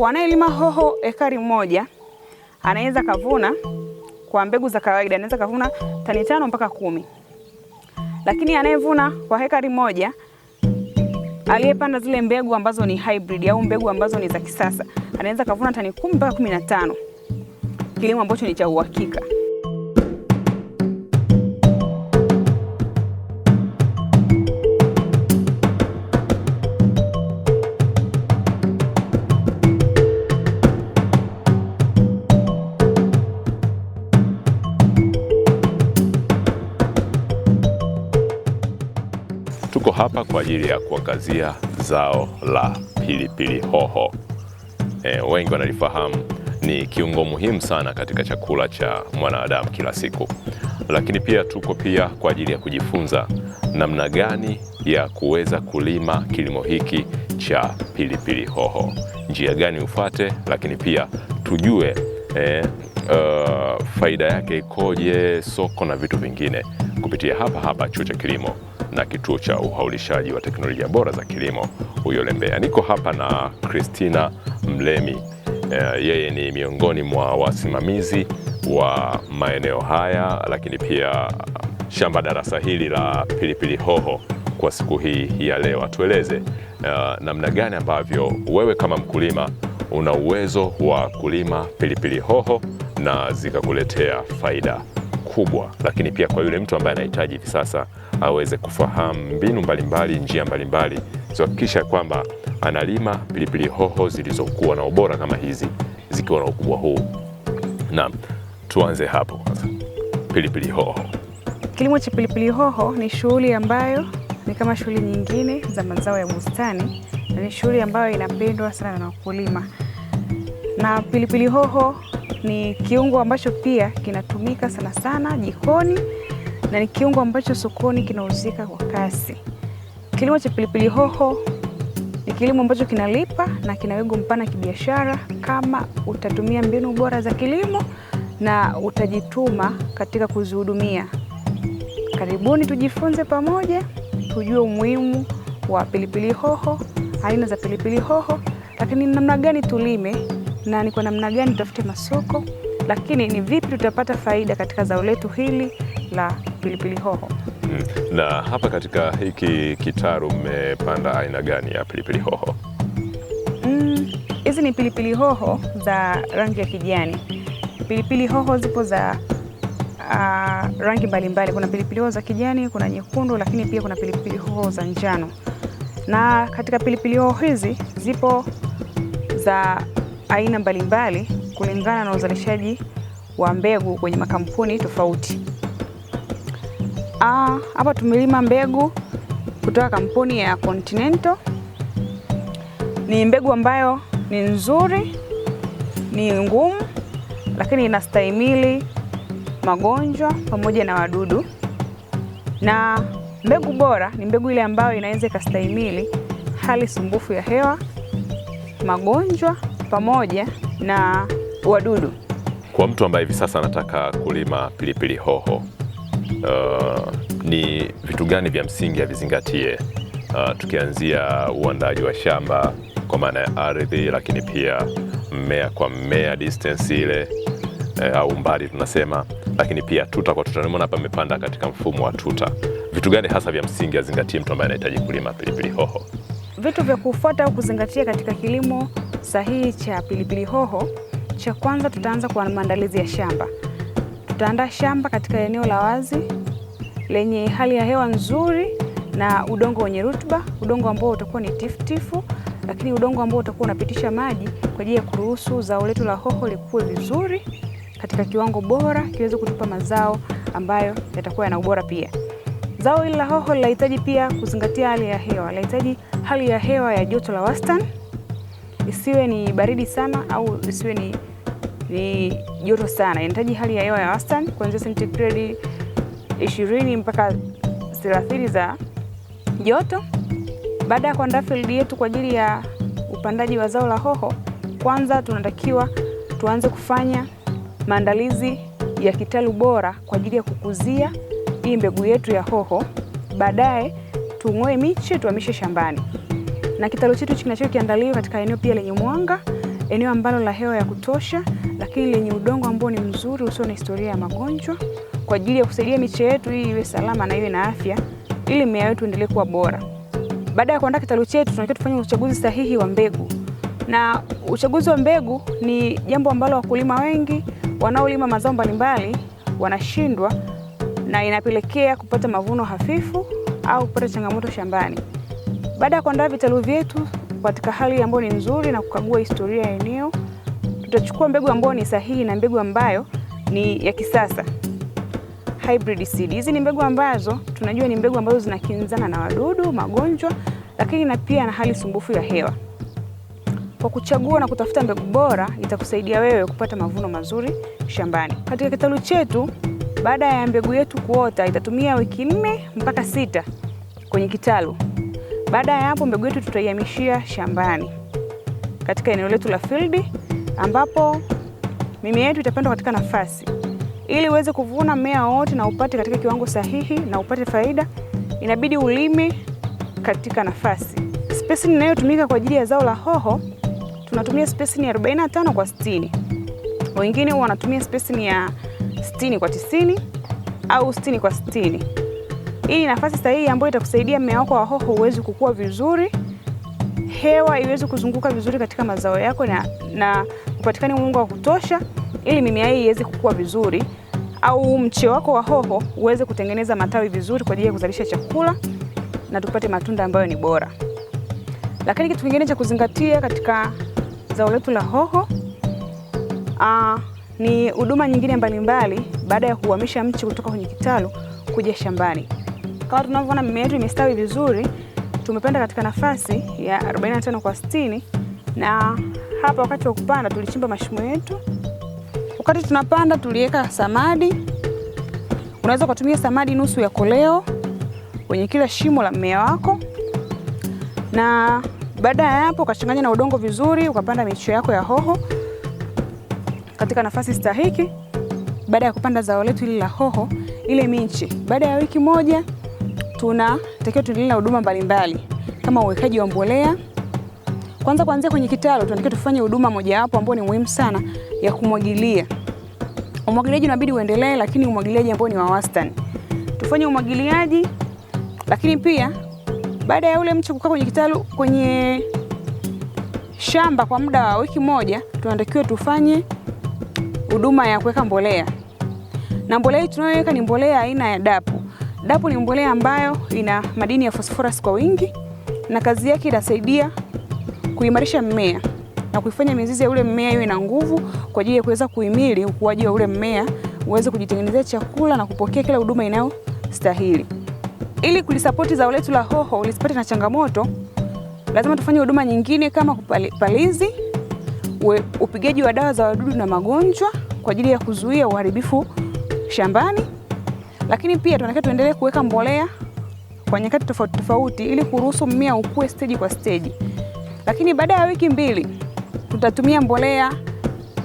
wanayelima hoho ekari moja anaweza kavuna kwa mbegu za kawaida anaweza kavuna tani tano mpaka kumi, lakini anayevuna kwa hekari moja aliyepanda zile mbegu ambazo ni hybrid au mbegu ambazo ni za kisasa anaweza kavuna tani kumi mpaka kumi na tano, kilimo ambacho ni cha uhakika. hapa kwa ajili ya kuangazia zao la pilipili hoho. E, wengi wanalifahamu ni kiungo muhimu sana katika chakula cha mwanadamu kila siku, lakini pia tuko pia kwa ajili ya kujifunza namna gani ya kuweza kulima kilimo hiki cha pilipili hoho, njia gani ufate, lakini pia tujue eh, uh, faida yake ikoje, soko na vitu vingine, kupitia hapa hapa Chuo cha Kilimo na Kituo cha Uhaulishaji wa Teknolojia Bora za Kilimo Uyole Mbeya. Niko hapa na Christina Mlemi eh, yeye ni miongoni mwa wasimamizi wa maeneo haya, lakini pia shamba darasa hili la pilipili hoho kwa siku hii ya leo. Atueleze uh, namna gani ambavyo wewe kama mkulima una uwezo wa kulima pilipili hoho na zikakuletea faida kubwa, lakini pia kwa yule mtu ambaye anahitaji hivi sasa aweze kufahamu mbinu mbalimbali, njia mbalimbali kuhakikisha kwamba analima pilipili hoho zilizokuwa na ubora kama hizi zikiwa na ukubwa huu. Naam, tuanze hapo kwanza. Pilipili hoho, kilimo cha pilipili hoho ni shughuli ambayo ni kama shughuli nyingine za mazao ya bustani ni shughuli ambayo inapendwa sana na wakulima, na pilipili hoho ni kiungo ambacho pia kinatumika sana sana jikoni na ni kiungo ambacho sokoni kinauzika kwa kasi. Kilimo cha pilipili hoho ni kilimo ambacho kinalipa na kina wigo mpana kibiashara, kama utatumia mbinu bora za kilimo na utajituma katika kuzihudumia. Karibuni tujifunze pamoja, tujue umuhimu wa pilipili hoho aina za pilipili hoho, lakini ni namna gani tulime na ni kwa namna gani tutafute masoko, lakini ni vipi tutapata faida katika zao letu hili la pilipili hoho. Mm, na hapa katika hiki kitaru mmepanda aina gani ya pilipili hoho? Mm, hizi mm, ni pilipili hoho za rangi ya kijani. Pilipili hoho zipo za uh, rangi mbalimbali. Kuna pilipili hoho za kijani, kuna nyekundu, lakini pia kuna pilipili hoho za njano. Na katika pilipili hoho hizi zipo za aina mbalimbali kulingana na uzalishaji wa mbegu kwenye makampuni tofauti. Ah, hapa tumelima mbegu kutoka kampuni ya Continental. Ni mbegu ambayo ni nzuri, ni ngumu, lakini inastahimili magonjwa pamoja na wadudu na Mbegu bora ni mbegu ile ambayo inaweza ikastahimili hali sumbufu ya hewa, magonjwa pamoja na wadudu. Kwa mtu ambaye hivi sasa anataka kulima pilipili hoho, uh, ni vitu gani vya msingi avizingatie, uh, tukianzia uandaaji wa shamba kwa maana ya ardhi, lakini pia mmea kwa mmea, distance ile, uh, au umbali tunasema lakini pia tuta kwa tuta. Nimeona hapa amepanda katika mfumo wa tuta. Vitu gani hasa vya msingi azingatie mtu ambaye anahitaji kulima pilipili hoho? Vitu vya kufuata au kuzingatia katika kilimo sahihi cha pilipili hoho, cha kwanza tutaanza kwa maandalizi ya shamba. Tutaandaa shamba katika eneo la wazi lenye hali ya hewa nzuri na udongo wenye rutuba, udongo ambao utakuwa ni tifutifu, lakini udongo ambao utakuwa unapitisha maji kwa ajili ya kuruhusu zao letu la hoho likue vizuri katika kiwango bora kiweze kutupa mazao ambayo yatakuwa yana ubora pia. Zao hili la hoho linahitaji pia kuzingatia hali ya hewa, linahitaji hali ya hewa ya joto la wastani, isiwe ni baridi sana au isiwe ni, ni joto sana. Inahitaji hali ya hewa ya wastani kuanzia sentigredi 20 mpaka 30 za joto. Baada ya kuandaa field yetu kwa ajili ya upandaji wa zao la hoho, kwanza tunatakiwa tuanze kufanya maandalizi ya kitalu bora kwa ajili ya kukuzia hii mbegu yetu ya hoho. Baadaye tung'oe miche tuhamishe shambani, na kitalu chetu kinachokiandaliwa katika eneo pia lenye mwanga, eneo ambalo la hewa ya kutosha, lakini lenye udongo ambao ni mzuri usio na historia ya magonjwa, kwa ajili ya kusaidia miche yetu hii iwe salama na iwe na afya, ili mimea yetu endelee kuwa bora. Baada ya kuandaa kitalu chetu, tunatakiwa tufanye uchaguzi sahihi wa mbegu, na uchaguzi wa mbegu ni jambo ambalo wakulima wengi wanaolima mazao mbalimbali wanashindwa na inapelekea kupata mavuno hafifu au kupata changamoto shambani. Baada ya kuandaa vitalu vyetu katika hali ambayo ni nzuri na kukagua historia ya eneo, tutachukua mbegu ambayo ni sahihi na mbegu ambayo ni ya kisasa hybrid seed. Hizi ni mbegu ambazo tunajua ni mbegu ambazo zinakinzana na wadudu, magonjwa, lakini na pia na hali sumbufu ya hewa. Kwa kuchagua na kutafuta mbegu bora itakusaidia wewe kupata mavuno mazuri shambani. Katika kitalu chetu, baada ya mbegu yetu kuota itatumia wiki nne mpaka sita kwenye kitalu. Baada ya hapo, mbegu yetu tutaihamishia shambani katika eneo letu la field, ambapo mimea yetu itapandwa katika nafasi ili uweze kuvuna mmea wote na upate katika kiwango sahihi na upate faida, inabidi ulime katika nafasi. Spesi inayotumika kwa ajili ya zao la hoho tunatumia spesi ni 45 kwa 60. Wengine huwa wanatumia spesi ni ya 60 kwa 90 au 60 kwa 60. Hii ni nafasi sahihi ambayo itakusaidia mmea wako wa hoho uweze kukua vizuri, hewa iweze kuzunguka vizuri katika mazao yako na, na upatikane mwanga wa kutosha ili mimea hii iweze kukua vizuri au mche wako wa hoho uweze kutengeneza matawi vizuri kwa ajili ya kuzalisha chakula na tupate matunda ambayo ni bora. Lakini kitu kingine cha kuzingatia katika zao letu la hoho. Aa, ah, ni huduma nyingine mbalimbali baada ya kuhamisha mche kutoka kwenye kitalu kuja shambani. Kama tunavyoona mimea yetu imestawi vizuri, tumepanda katika nafasi ya 45 kwa 60 na hapa wakati wa kupanda tulichimba mashimo yetu. Wakati tunapanda tuliweka samadi. Unaweza ukatumia samadi nusu ya koleo kwenye kila shimo la mmea wako na baada ya hapo, ukachanganya na udongo vizuri, ukapanda miche yako ya hoho katika nafasi stahiki. Baada ya kupanda zao letu hili la hoho, ile miche, baada ya wiki moja, tunatakiwa tuendelee na huduma mbalimbali kama uwekaji wa mbolea kwanza. Kuanzia kwenye kitalu, tunatakiwa tufanye huduma mojawapo ambayo ni muhimu sana ya kumwagilia. Umwagiliaji unabidi uendelee, lakini umwagiliaji ambao ni wa wastani. Tufanye umwagiliaji, lakini pia baada ya ule mche kukaa kwenye kitalu, kwenye shamba kwa muda wa wiki moja, tunatakiwa tufanye huduma ya kuweka mbolea, na mbolea hii tunayoweka ni mbolea aina ya dapu. Dapu ni mbolea ambayo ina madini ya fosforas kwa wingi, na kazi yake inasaidia kuimarisha mmea na kuifanya mizizi ya ule mmea iwe na nguvu kwa ajili ya kuweza kuhimili ukuaji wa ule mmea uweze kujitengenezea chakula na kupokea kila huduma inayostahili. Ili kulisapoti zao letu la hoho lisipate na changamoto, lazima tufanye huduma nyingine kama palizi, upigaji wa dawa za wadudu na magonjwa kwa ajili ya kuzuia uharibifu shambani, lakini pia tunatakiwa tuendelee kuweka mbolea kwa nyakati tofauti tofauti ili kuruhusu mmea ukue stage kwa stage. Lakini baada ya wiki mbili tutatumia mbolea.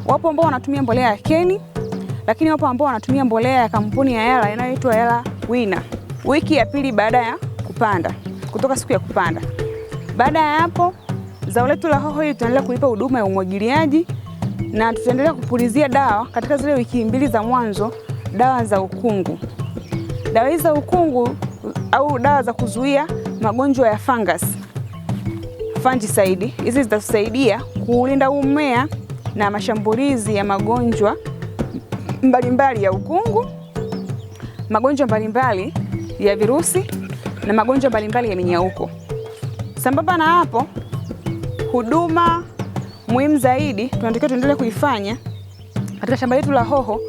Wapo ambao wanatumia mbolea ya keni, lakini wapo ambao wanatumia mbolea ya kampuni ya Yara inayoitwa Yara Wina wiki ya pili baada ya kupanda, kutoka siku ya kupanda. Baada ya hapo, zao letu la hoho hili tutaendelea kulipa huduma ya umwagiliaji na tutaendelea kupulizia dawa katika zile wiki mbili za mwanzo, dawa za ukungu. Dawa hizi za ukungu au dawa za kuzuia magonjwa ya fungus, fungicide. Hizi zitatusaidia kuulinda huu mmea na mashambulizi ya magonjwa mbalimbali mbali ya ukungu, magonjwa mbalimbali mbali ya virusi na magonjwa mbalimbali ya minyauko. Sambamba na hapo, huduma muhimu zaidi tunatakiwa tuendelee kuifanya katika shamba letu la hoho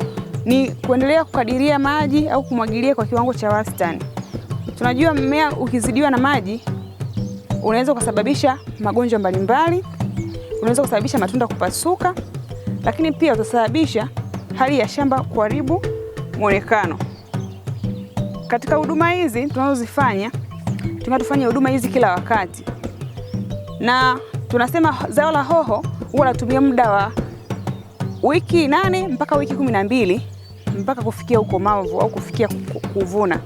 ni kuendelea kukadiria maji au kumwagilia kwa kiwango cha wastani. Tunajua mmea ukizidiwa na maji unaweza kusababisha magonjwa mbalimbali, unaweza kusababisha matunda kupasuka, lakini pia utasababisha hali ya shamba kuharibu mwonekano. Katika huduma hizi tunazozifanya, tunataka tufanye huduma hizi kila wakati, na tunasema zao la hoho huwa natumia muda wa wiki nane mpaka wiki kumi na mbili mpaka kufikia ukomavu au kufikia kuvuna.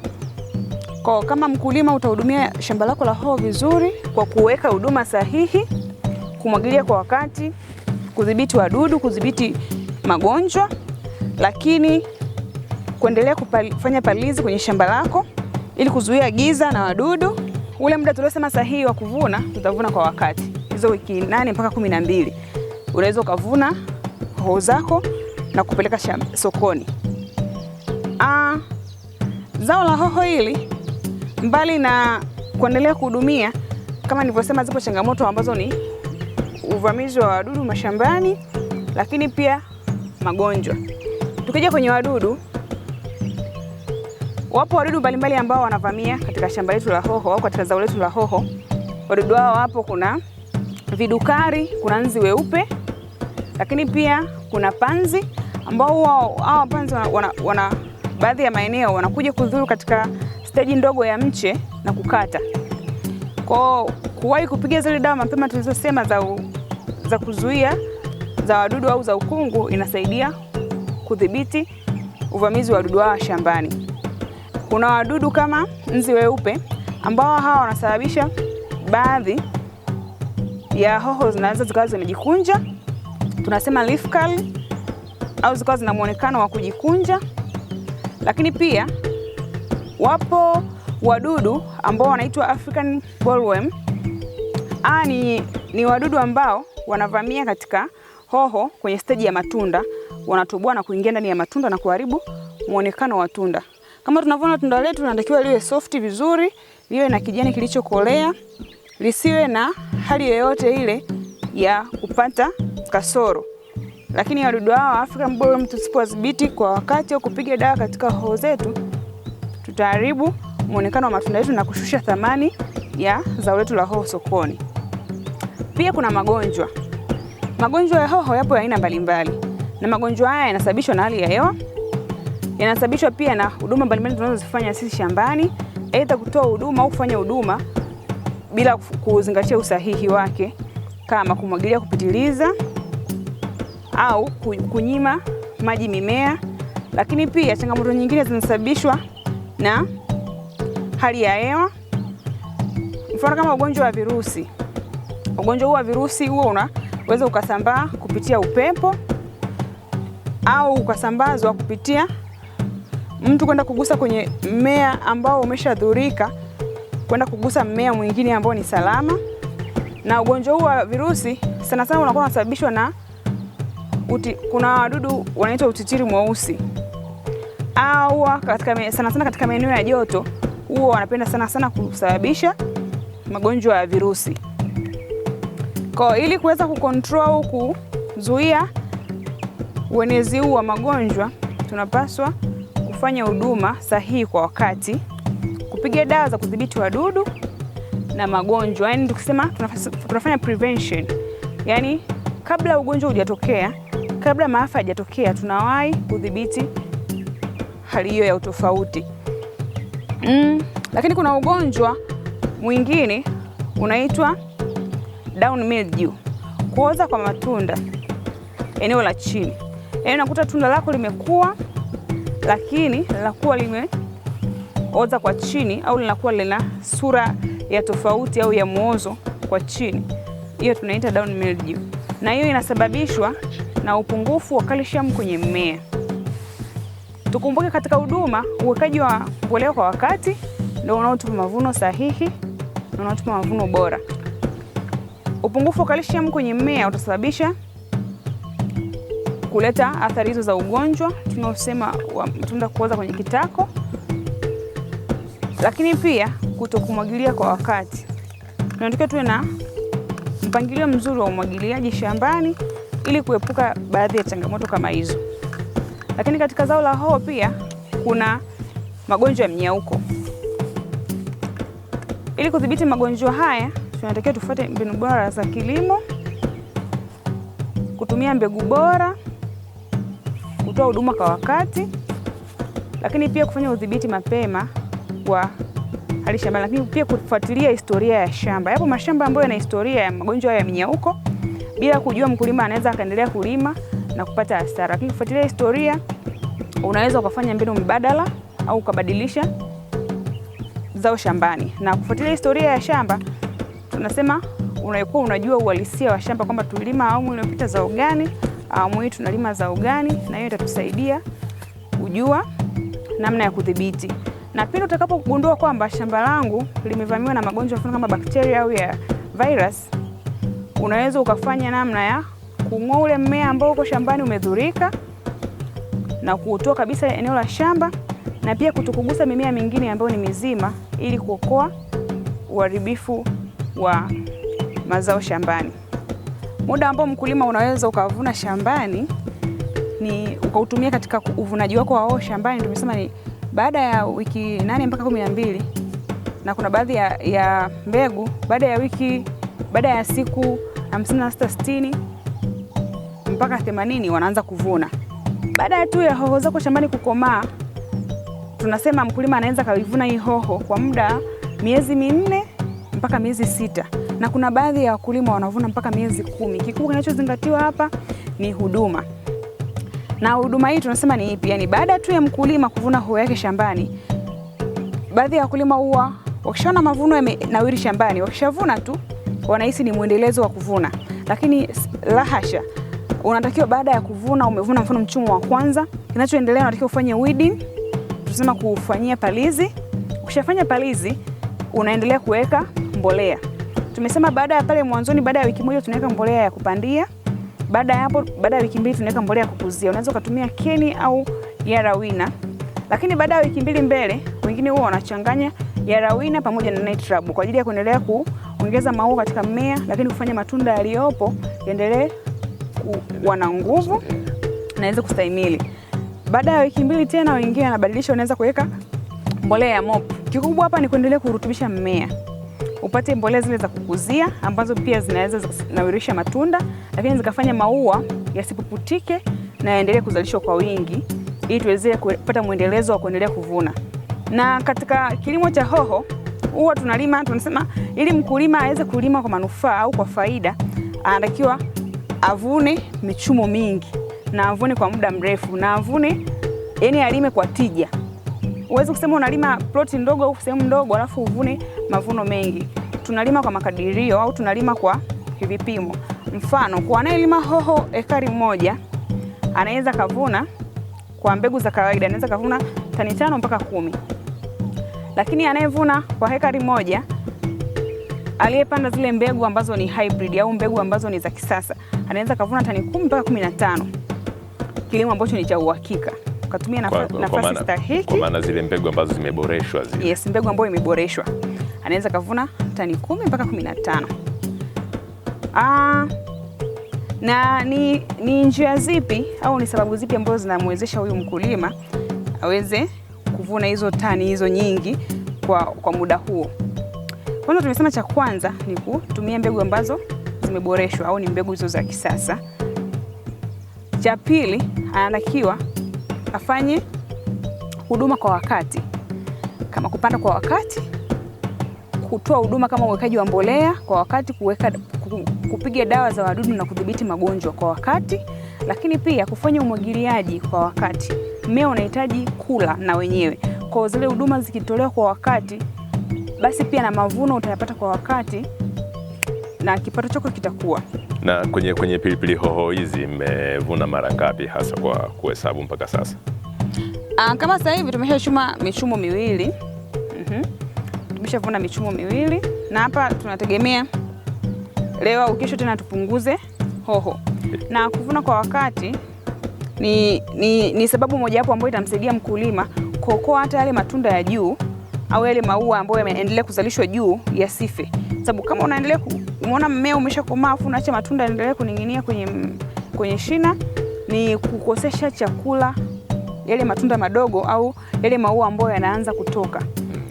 Kwa kama mkulima utahudumia shamba lako la hoho vizuri kwa kuweka huduma sahihi, kumwagilia kwa wakati, kudhibiti wadudu, kudhibiti magonjwa, lakini kuendelea kufanya palizi kwenye shamba lako ili kuzuia giza na wadudu. Ule muda tuliosema sahihi wa kuvuna, tutavuna kwa wakati. Hizo wiki nane mpaka kumi na mbili unaweza ukavuna hoho zako na kupeleka sokoni. Ah, zao la hoho hili mbali na kuendelea kuhudumia, kama nilivyosema, zipo changamoto ambazo ni uvamizi wa wadudu mashambani, lakini pia magonjwa. Tukija kwenye wadudu Wapo wadudu mbalimbali ambao wanavamia katika shamba letu la hoho au katika zao letu la hoho. Wadudu hao wapo, kuna vidukari, kuna nzi weupe, lakini pia kuna panzi ambao hao panzi wana, wana, wana baadhi ya maeneo wanakuja kudhuru katika steji ndogo ya mche na kukata. Kwa kuwahi kupiga zile dawa mapema tulizosema za, u, za kuzuia za wadudu au za ukungu inasaidia kudhibiti uvamizi wa wadudu hawa shambani. Kuna wadudu kama nzi weupe ambao hawa wanasababisha baadhi ya hoho zinaweza zikawa zimejikunja, tunasema leaf curl, au zikawa zina mwonekano wa kujikunja. Lakini pia wapo wadudu ambao wanaitwa African bollworm. Aa, ni, ni wadudu ambao wanavamia katika hoho kwenye steji ya matunda, wanatoboa na kuingia ndani ya matunda na kuharibu mwonekano wa tunda. Kama tunavyoona tunda letu linatakiwa liwe soft vizuri, liwe na kijani kilichokolea, lisiwe na hali yoyote ile ya kupata kasoro. Lakini wadudu hawa wa African bollworm tusipodhibiti kwa wakati au kupiga dawa katika hoho zetu, tutaharibu muonekano wa matunda yetu na kushusha thamani ya zao letu la hoho sokoni. Pia kuna magonjwa. Magonjwa ya hoho yapo ya aina mbalimbali, na magonjwa haya yanasababishwa na hali ya hewa yanasababishwa pia na huduma mbalimbali tunazozifanya sisi shambani, aidha kutoa huduma au kufanya huduma bila kuzingatia usahihi wake, kama kumwagilia kupitiliza au kunyima maji mimea. Lakini pia changamoto nyingine zinasababishwa na hali ya hewa, mfano kama ugonjwa wa virusi. Ugonjwa huu wa virusi huo unaweza ukasambaa kupitia upepo au ukasambazwa kupitia mtu kwenda kugusa kwenye mmea ambao umeshadhurika kwenda kugusa mmea mwingine ambao ni salama. Na ugonjwa huu wa virusi sana sana unakuwa unasababishwa na uti, kuna wadudu wanaitwa utitiri mweusi au katika, sana sana katika maeneo ya joto huwa wanapenda sana sana kusababisha magonjwa ya virusi. Kwa ili kuweza kukontrol au kuzuia uenezi huu wa magonjwa tunapaswa kufanya huduma sahihi kwa wakati, kupiga dawa za kudhibiti wadudu na magonjwa. Yani tukisema tunafanya prevention, yani kabla ugonjwa hujatokea, kabla maafa hajatokea, tunawahi kudhibiti hali hiyo ya utofauti. Mm, lakini kuna ugonjwa mwingine unaitwa down mildew, kuoza kwa matunda eneo la chini, yaani unakuta tunda lako limekuwa lakini linakuwa limeoza kwa chini au linakuwa lina sura ya tofauti au ya mwozo kwa chini, hiyo tunaita down mildew, na hiyo inasababishwa na upungufu wa calcium kwenye mmea. Tukumbuke katika huduma, uwekaji wa mbolea kwa wakati ndio unaotupa mavuno sahihi na unaotupa mavuno bora. Upungufu wa calcium kwenye mmea utasababisha kuleta athari hizo za ugonjwa tunaosema tunaenda kuoza kwenye kitako, lakini pia kutokumwagilia kwa wakati. Tunatakiwa tuwe na mpangilio mzuri wa umwagiliaji shambani ili kuepuka baadhi ya changamoto kama hizo. Lakini katika zao la hoho pia kuna magonjwa ya mnyauko. Ili kudhibiti magonjwa haya, tunatakiwa tufuate mbinu bora za kilimo, kutumia mbegu bora kutoa huduma kwa wakati, lakini pia kufanya udhibiti mapema wa hali shamba, lakini pia kufuatilia historia ya shamba. Yapo mashamba ambayo yana historia ya magonjwa ya minyauko, bila kujua mkulima anaweza akaendelea kulima na kupata hasara, lakini kufuatilia historia, unaweza ukafanya mbinu mbadala au ukabadilisha zao shambani. Na kufuatilia historia ya shamba, tunasema unakuwa unajua uhalisia wa shamba kwamba tulima au mlipita zao gani awamu hii tunalima za ugani, na hiyo itatusaidia kujua namna ya kudhibiti, na pindi utakapogundua kwamba shamba langu limevamiwa na magonjwa mfano kama bakteria au ya virus, unaweza ukafanya namna ya kung'oa ule mmea ambao uko shambani umedhurika na kuutoa kabisa eneo la shamba, na pia kutokugusa mimea mingine ambayo ni mizima, ili kuokoa uharibifu wa mazao shambani. Muda ambao mkulima unaweza ukavuna shambani ni ukautumia katika uvunaji wako wao shambani, tumesema ni baada ya wiki nane mpaka kumi na mbili na kuna baadhi ya, ya mbegu baada ya wiki baada ya siku hamsini na sita sitini mpaka themanini wanaanza kuvuna. Baada ya tu ya hoho zako shambani kukomaa, tunasema mkulima anaweza kaivuna hii hoho kwa muda miezi minne mpaka miezi sita na kuna baadhi ya wakulima wanavuna mpaka miezi kumi. Kikubwa kinachozingatiwa hapa ni huduma, na huduma hii tunasema ni ipi? Yani baada tu ya mkulima kuvuna hoho yake shambani, baadhi ya wakulima huwa wakishaona mavuno yamenawiri shambani, wakishavuna tu wanahisi ni mwendelezo wa kuvuna, lakini lahasha. Unatakiwa baada ya kuvuna, umevuna mfano mchumo wa kwanza, kinachoendelea unatakiwa ufanye weeding, tunasema kufanyia palizi. Ukishafanya palizi, unaendelea kuweka mbolea Tumesema baada ya pale mwanzoni, baada ya wiki moja tunaweka mbolea ya kupandia. Baada ya hapo, baada ya wiki mbili tunaweka mbolea ya kukuzia. Unaweza ukatumia keni au yarawina, lakini baada ya wiki mbili mbele, wengine huwa wanachanganya yarawina pamoja na night kwa ajili ya kuendelea kuongeza maua katika mmea, lakini kufanya matunda yaliyopo yaendelee kuwa na nguvu na yaweze kustahimili. Baada ya wiki mbili tena, wengine wanabadilisha, unaweza kuweka mbolea ya mop. Kikubwa hapa ni kuendelea kurutubisha mmea upate mbolea zile za kukuzia ambazo pia zinaweza zinawirisha matunda, lakini zikafanya maua yasipuputike na yaendelee kuzalishwa kwa wingi, ili tuweze kupata mwendelezo wa kuendelea kuvuna. Na katika kilimo cha hoho huwa tunalima, tunasema ili mkulima aweze kulima kwa manufaa au kwa faida, anatakiwa avune michumo mingi na avune kwa muda mrefu na avune, yani alime kwa tija. Uweze kusema unalima ploti ndogo au sehemu ndogo alafu uvune mavuno mengi. Tunalima kwa makadirio au tunalima kwa vipimo. Mfano, kwa anayelima hoho ekari moja anaweza kavuna kwa mbegu za kawaida anaweza kavuna tani tano mpaka kumi, lakini anayevuna kwa hekari moja aliyepanda zile mbegu ambazo ni hybrid au mbegu ambazo ni za kisasa anaweza kavuna tani kumi mpaka kumi na tano. Kilimo ambacho ni cha uhakika, ukatumia nafasi stahiki, kwa maana zile mbegu ambazo zimeboreshwa zile. Yes, mbegu ambayo imeboreshwa anaweza kavuna tani kumi mpaka kumi na tano. Ah, na ni, ni njia zipi au ni sababu zipi ambazo zinamwezesha huyu mkulima aweze kuvuna hizo tani hizo nyingi kwa, kwa muda huo? Kwanza tumesema cha kwanza ni kutumia mbegu ambazo zimeboreshwa au ni mbegu hizo za kisasa. Cha pili, anatakiwa afanye huduma kwa wakati, kama kupanda kwa wakati kutoa huduma kama uwekaji wa mbolea kwa wakati, kuweka kupiga dawa za wadudu na kudhibiti magonjwa kwa wakati, lakini pia kufanya umwagiliaji kwa wakati. Mmea unahitaji kula na wenyewe, kwa zile huduma zikitolewa kwa wakati, basi pia na mavuno utayapata kwa wakati na kipato chako kitakuwa. Na kwenye, kwenye pilipili hoho hizi mmevuna mara ngapi hasa kwa kuhesabu mpaka sasa? Aa, ah, kama sasa hivi tumeshachuma michumo miwili. mm -hmm. Tumeshavuna michumo miwili, na hapa tunategemea leo au kesho tena tupunguze hoho. Na kuvuna kwa wakati ni, ni, ni sababu mojawapo ambayo itamsaidia mkulima kuokoa hata yale matunda ya juu au yale maua ambayo yameendelea kuzalishwa juu ya sife, sababu kama unaendelea umeona mmea umeshakomaa afu unaacha matunda yaendelee kuning'inia kwenye, kwenye shina ni kukosesha chakula yale matunda madogo au yale maua ambayo yanaanza kutoka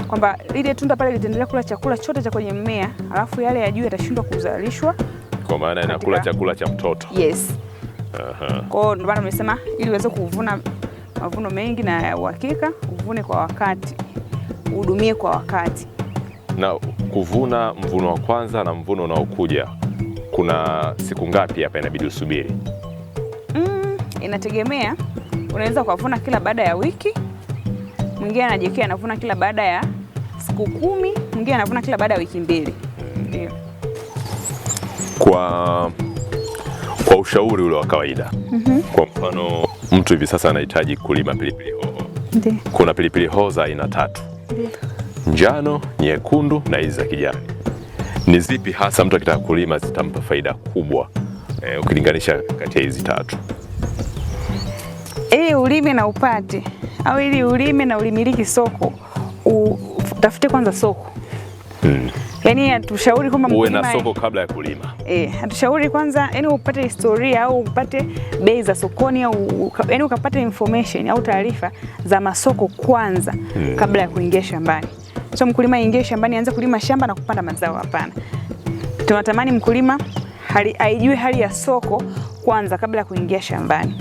kwamba lile tunda pale litaendelea kula chakula chote cha kwenye mmea, alafu yale ya juu yatashindwa kuzalishwa, kwa maana inakula chakula cha mtoto. Yes. Aha. Kwa ndio maana nimesema ili uweze kuvuna mavuno mengi na ya uhakika, uvune kwa wakati, uhudumie kwa wakati. Na kuvuna mvuno wa kwanza na mvuno unaokuja kuna siku ngapi hapa inabidi usubiri? Mm, inategemea. Unaweza ukavuna kila baada ya wiki, mwingine anajiwekea anavuna kila baada ya siku kumi, mwingine anavuna kila baada ya wiki mbili. Ndio. Kwa kwa ushauri ule wa kawaida mm -hmm. Kwa mfano mtu hivi sasa anahitaji kulima pilipili hoho. Ndio. Kuna pilipili hoho za aina tatu. Ndio. Njano, nyekundu na hizi za kijani. Ni zipi hasa mtu akitaka kulima zitampa faida kubwa e, ukilinganisha kati ya hizi tatu? Ili eh, ulime na upate au ili ulime na ulimiliki soko tafute kwanza soko mm. Yani atushauri kwamba uwe na soko kabla ya kulima eh, atushauri kwanza, yani upate historia au upate bei za sokoni au yani ukapata information au taarifa za masoko kwanza mm. kabla ya kuingia shambani. So mkulima aingie shambani, aanze kulima shamba na kupanda mazao? Hapana, tunatamani mkulima hali, aijue hali ya soko kwanza kabla ya kuingia shambani.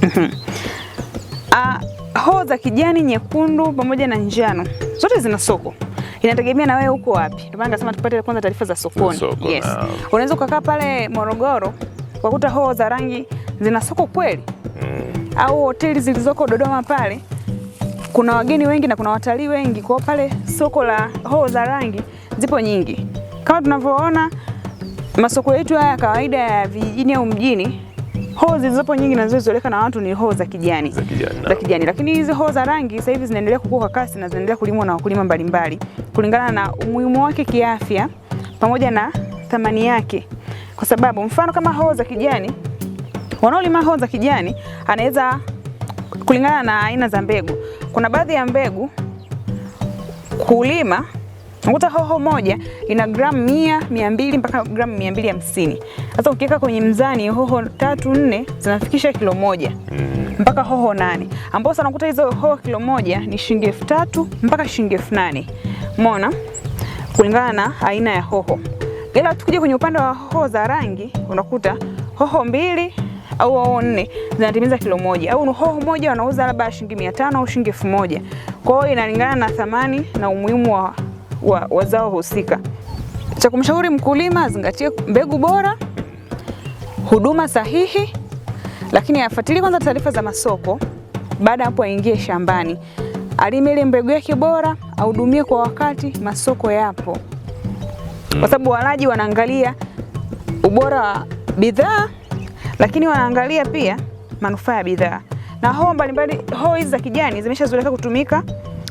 Ah, Hoho za kijani, nyekundu pamoja na njano zote zina soko, inategemea na wewe uko wapi. Ndio maana nasema tupate kwanza taarifa za sokoni. Soko, yes. Unaweza ukakaa pale Morogoro ukakuta hoho za rangi zina soko kweli, mm. au hoteli zilizoko Dodoma pale kuna wageni wengi na kuna watalii wengi, kwa pale soko la hoho za rangi zipo nyingi kama tunavyoona masoko yetu haya ya kawaida ya vijijini au mjini Hoho zilizopo nyingi na zilizozoeleka na watu ni hoho za kijani za kijani, za kijani. Lakini hizi hoho za rangi sasa hivi zinaendelea kukua kwa kasi na zinaendelea kulimwa na wakulima mbalimbali kulingana na umuhimu wake kiafya pamoja na thamani yake, kwa sababu mfano kama hoho za kijani, wanaolima hoho za kijani anaweza kulingana na aina za mbegu, kuna baadhi ya mbegu kulima Unakuta hoho moja ina gramu 100, 200 mpaka gramu 250. Sasa ukiweka kwenye mzani hoho tatu nne zinafikisha kilo moja mm. mpaka hoho nane, ambapo sana unakuta hizo hoho kilo moja ni shilingi elfu tatu mpaka shilingi elfu nane. Umeona, kulingana na aina ya hoho. Ila tukija kwenye upande wa hoho za rangi unakuta hoho mbili au hoho nne zinatimiza kilo moja au hoho moja wanauza labda shilingi 500 au shilingi 1000. Kwa hiyo inalingana na thamani na umuhimu wa wa, wa zao husika. Cha kumshauri mkulima azingatie mbegu bora, huduma sahihi, lakini afuatilie kwanza taarifa za masoko. Baada hapo aingie shambani, alime ile mbegu yake bora, ahudumie kwa wakati, masoko yapo, kwa sababu walaji wanaangalia ubora wa bidhaa, lakini wanaangalia pia manufaa ya bidhaa na hoho mbalimbali. Hoho hizi za kijani zimeshazoeleka kutumika,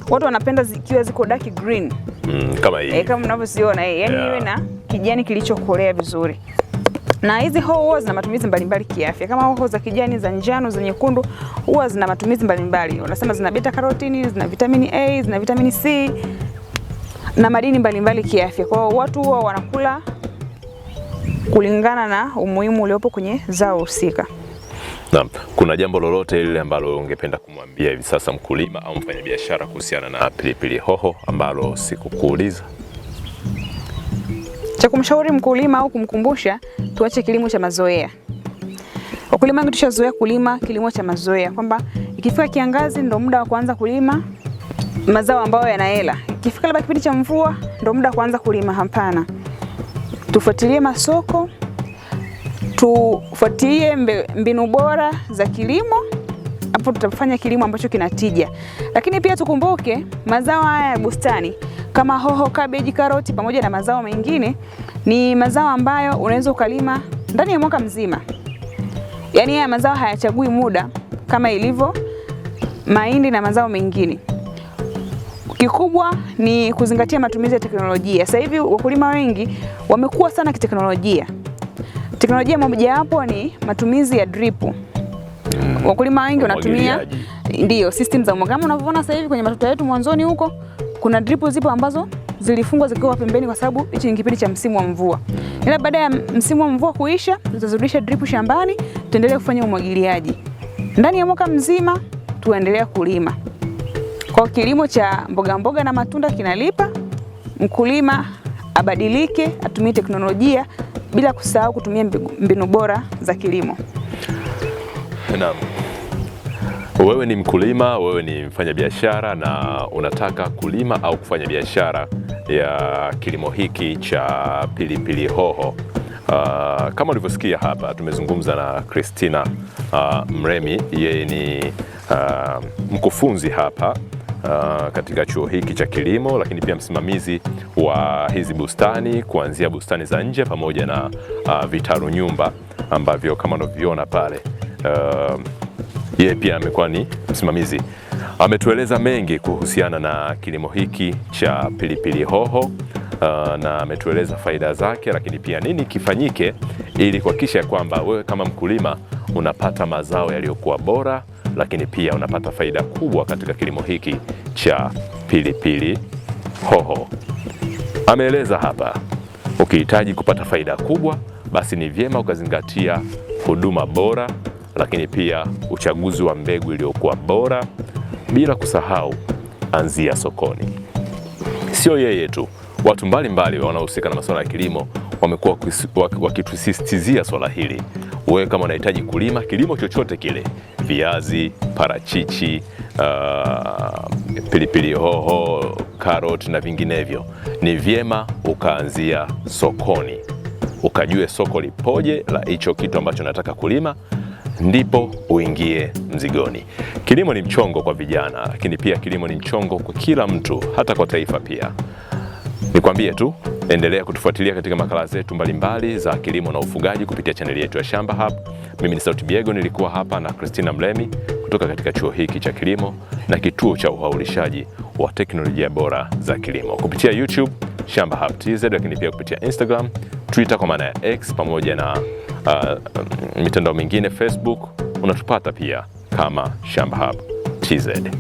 watu wanapenda zikiwa ziko dark green. Mm, kama hii e, kama mnavyoziona hii yani iwe na kijani kilichokolea vizuri na hizi hoho zina matumizi mbalimbali kiafya, kama hoho za kijani, za njano, za nyekundu huwa zina matumizi mbalimbali. Unasema zina beta karotini, zina vitamini A, zina vitamini C na madini mbalimbali kiafya. Kwa hiyo watu huwa wanakula kulingana na umuhimu uliopo kwenye zao husika. Naam, kuna jambo lolote lile ambalo ungependa kumwambia hivi sasa mkulima au mfanyabiashara kuhusiana na pilipili hoho ambalo sikukuuliza? Cha kumshauri mkulima au kumkumbusha, tuache kilimo cha mazoea. Wakulima wengi tushazoea kulima kilimo cha mazoea kwamba ikifika kiangazi ndo muda wa kuanza kulima mazao ambayo yanaela ikifika labda kipindi cha mvua ndo muda wa kuanza kulima. Hapana, tufuatilie masoko tufuatie mbinu bora za kilimo, hapo tutafanya kilimo ambacho kinatija. Lakini pia tukumbuke mazao haya ya bustani kama hoho, kabeji, karoti pamoja na mazao mengine ni mazao ambayo unaweza ukalima ndani ya mwaka mzima. Yaani haya mazao hayachagui muda kama ilivyo mahindi na mazao mengine. Kikubwa ni kuzingatia matumizi ya teknolojia. Sasa hivi wakulima wengi wamekuwa sana kiteknolojia. Teknolojia hapo ni matumizi ya drip. Mm. Wakulima wengi wanatumia ndio system za umwagiliaji. Kama unavyoona sasa hivi kwenye matuta yetu mwanzoni huko kuna drip zipo ambazo zilifungwa zikiwa pembeni kwa sababu hichi ni kipindi cha msimu wa mvua. Ila baada ya msimu wa mvua kuisha, tutazirudisha drip shambani, tuendelee kufanya umwagiliaji. Ndani ya mwaka mzima tuendelea kulima. Kwa kilimo cha mboga mboga na matunda kinalipa, mkulima abadilike, atumie teknolojia bila kusahau kutumia mbinu bora za kilimo. Naam. Wewe ni mkulima, wewe ni mfanyabiashara na unataka kulima au kufanya biashara ya kilimo hiki cha pilipili hoho. Uh, kama ulivyosikia hapa tumezungumza na Christina uh, Mremi, yeye ni uh, mkufunzi hapa uh, katika chuo hiki cha kilimo, lakini pia msimamizi wa hizi bustani kuanzia bustani za nje pamoja na uh, vitalu nyumba ambavyo kama unavyoona pale uh, yeye pia amekuwa ni msimamizi. Ametueleza mengi kuhusiana na kilimo hiki cha pilipili hoho uh, na ametueleza faida zake, lakini pia nini kifanyike ili kuhakikisha kwamba wewe kama mkulima unapata mazao yaliyokuwa bora lakini pia unapata faida kubwa katika kilimo hiki cha pilipili hoho. Ameeleza hapa, ukihitaji kupata faida kubwa, basi ni vyema ukazingatia huduma bora, lakini pia uchaguzi wa mbegu iliyokuwa bora, bila kusahau anzia sokoni. Sio yeye tu, watu mbalimbali wanaohusika na masuala ya kilimo wamekuwa wakitusisitizia swala hili. Wewe kama unahitaji kulima kilimo chochote kile, viazi, parachichi, uh, pilipili hoho, karoti na vinginevyo, ni vyema ukaanzia sokoni, ukajue soko lipoje la hicho kitu ambacho unataka kulima, ndipo uingie mzigoni. Kilimo ni mchongo kwa vijana, lakini pia kilimo ni mchongo kwa kila mtu, hata kwa taifa pia. Nikwambie tu, endelea kutufuatilia katika makala zetu mbalimbali za kilimo na ufugaji kupitia chaneli yetu ya Shamba Hub. Mimi ni Sauti Biego, nilikuwa hapa na Christina Mlemi kutoka katika chuo hiki cha kilimo na kituo cha uhaulishaji wa teknolojia bora za kilimo kupitia YouTube Shamba Hub TZ, lakini pia kupitia Instagram, Twitter kwa maana ya X pamoja na uh, um, mitandao mingine Facebook unatupata pia kama Shamba Hub TZ.